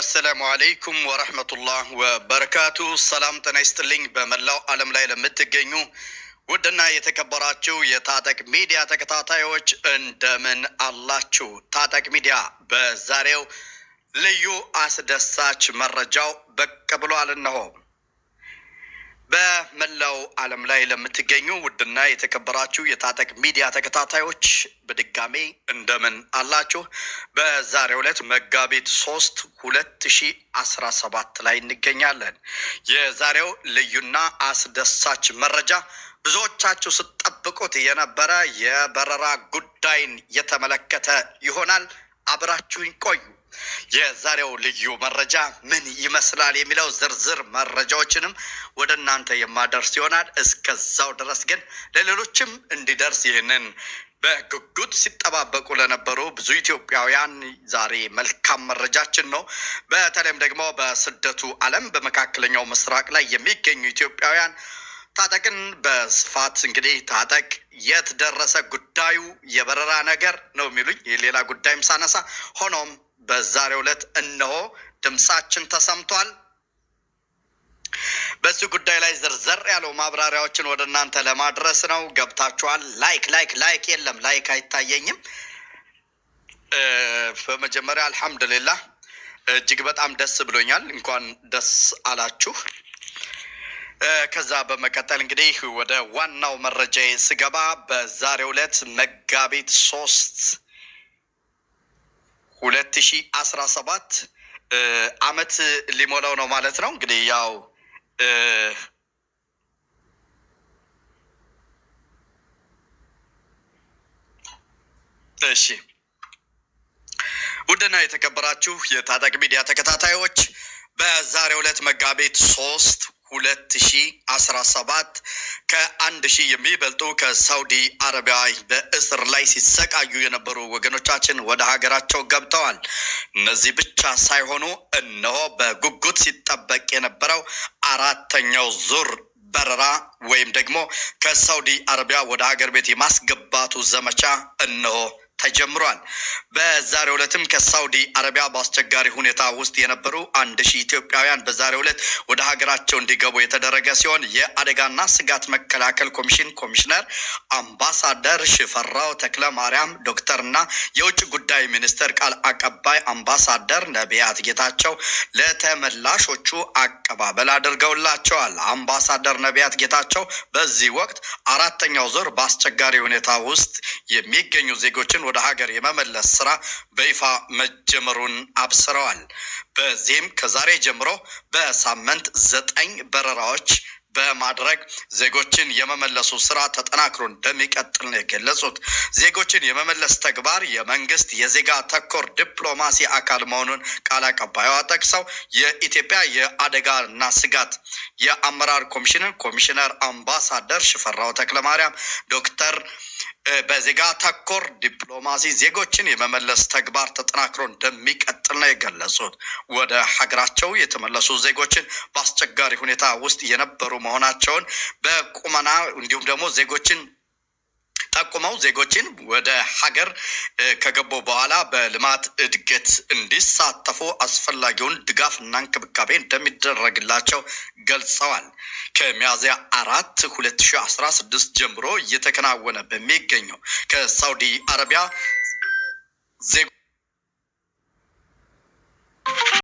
አሰላሙ አለይኩም ወረህመቱላህ ወበረካቱ። ሰላም ጤና ይስጥልኝ። በመላው ዓለም ላይ ለምትገኙ ውድና የተከበራችሁ የታጠቅ ሚዲያ ተከታታዮች እንደምን አላችሁ? ታጠቅ ሚዲያ በዛሬው ልዩ አስደሳች መረጃው ብቅ ብሏል። እነሆ በመላው ዓለም ላይ ለምትገኙ ውድና የተከበራችሁ የታጠቅ ሚዲያ ተከታታዮች በድጋሜ እንደምን አላችሁ? በዛሬው ዕለት መጋቢት ሶስት ሁለት ሺ አስራ ሰባት ላይ እንገኛለን። የዛሬው ልዩና አስደሳች መረጃ ብዙዎቻችሁ ስትጠብቁት የነበረ የበረራ ጉዳይን የተመለከተ ይሆናል። አብራችሁኝ ቆዩ። የዛሬው ልዩ መረጃ ምን ይመስላል የሚለው ዝርዝር መረጃዎችንም ወደ እናንተ የማደርስ ይሆናል። እስከዛው ድረስ ግን ለሌሎችም እንዲደርስ ይህንን በጉጉት ሲጠባበቁ ለነበሩ ብዙ ኢትዮጵያውያን ዛሬ መልካም መረጃችን ነው። በተለይም ደግሞ በስደቱ ዓለም በመካከለኛው ምስራቅ ላይ የሚገኙ ኢትዮጵያውያን ታጠቅን በስፋት እንግዲህ ታጠቅ የት ደረሰ ጉዳዩ የበረራ ነገር ነው የሚሉኝ ሌላ ጉዳይም ሳነሳ ሆኖም በዛሬው ዕለት እነሆ ድምፃችን ተሰምቷል። በዚህ ጉዳይ ላይ ዝርዝር ያለው ማብራሪያዎችን ወደ እናንተ ለማድረስ ነው። ገብታችኋል። ላይክ ላይክ ላይክ የለም፣ ላይክ አይታየኝም። በመጀመሪያ አልሐምዱሊላ እጅግ በጣም ደስ ብሎኛል። እንኳን ደስ አላችሁ። ከዛ በመቀጠል እንግዲህ ወደ ዋናው መረጃ ስገባ በዛሬው ዕለት መጋቢት ሶስት ሁለት ሺ አስራ ሰባት አመት ሊሞላው ነው ማለት ነው። እንግዲህ ያው እሺ ውድና የተከበራችሁ የታጠቅ ሚዲያ ተከታታዮች በዛሬ ሁለት መጋቢት ሶስት 2017 ከአንድ ሺህ የሚበልጡ ከሳውዲ አረቢያ በእስር ላይ ሲሰቃዩ የነበሩ ወገኖቻችን ወደ ሀገራቸው ገብተዋል። እነዚህ ብቻ ሳይሆኑ እነሆ በጉጉት ሲጠበቅ የነበረው አራተኛው ዙር በረራ ወይም ደግሞ ከሳውዲ አረቢያ ወደ ሀገር ቤት የማስገባቱ ዘመቻ እነሆ ተጀምሯል። በዛሬው ዕለትም ከሳውዲ አረቢያ በአስቸጋሪ ሁኔታ ውስጥ የነበሩ አንድ ሺህ ኢትዮጵያውያን በዛሬው ዕለት ወደ ሀገራቸው እንዲገቡ የተደረገ ሲሆን የአደጋና ስጋት መከላከል ኮሚሽን ኮሚሽነር አምባሳደር ሽፈራው ተክለ ማርያም ዶክተርና የውጭ ጉዳይ ሚኒስትር ቃል አቀባይ አምባሳደር ነቢያት ጌታቸው ለተመላሾቹ አቀባበል አድርገውላቸዋል። አምባሳደር ነቢያት ጌታቸው በዚህ ወቅት አራተኛው ዙር በአስቸጋሪ ሁኔታ ውስጥ የሚገኙ ዜጎችን ወደ ሀገር የመመለስ ስራ በይፋ መጀመሩን አብስረዋል። በዚህም ከዛሬ ጀምሮ በሳምንት ዘጠኝ በረራዎች በማድረግ ዜጎችን የመመለሱ ስራ ተጠናክሮ እንደሚቀጥል ነው የገለጹት። ዜጎችን የመመለስ ተግባር የመንግስት የዜጋ ተኮር ዲፕሎማሲ አካል መሆኑን ቃል አቀባዩ ጠቅሰው የኢትዮጵያ የአደጋና ስጋት የአመራር ኮሚሽንን ኮሚሽነር አምባሳደር ሽፈራው ተክለማርያም ዶክተር በዜጋ ተኮር ዲፕሎማሲ ዜጎችን የመመለስ ተግባር ተጠናክሮ እንደሚቀጥል ነው የገለጹት። ወደ ሀገራቸው የተመለሱ ዜጎችን በአስቸጋሪ ሁኔታ ውስጥ የነበሩ መሆናቸውን በቁመና እንዲሁም ደግሞ ዜጎችን ጠቁመው ዜጎችን ወደ ሀገር ከገቡ በኋላ በልማት እድገት እንዲሳተፉ አስፈላጊውን ድጋፍና እንክብካቤ እንደሚደረግላቸው ገልጸዋል። ከሚያዝያ አራት ሁለት አስራ ስድስት ጀምሮ እየተከናወነ በሚገኘው ከሳውዲ አረቢያ ዜጎ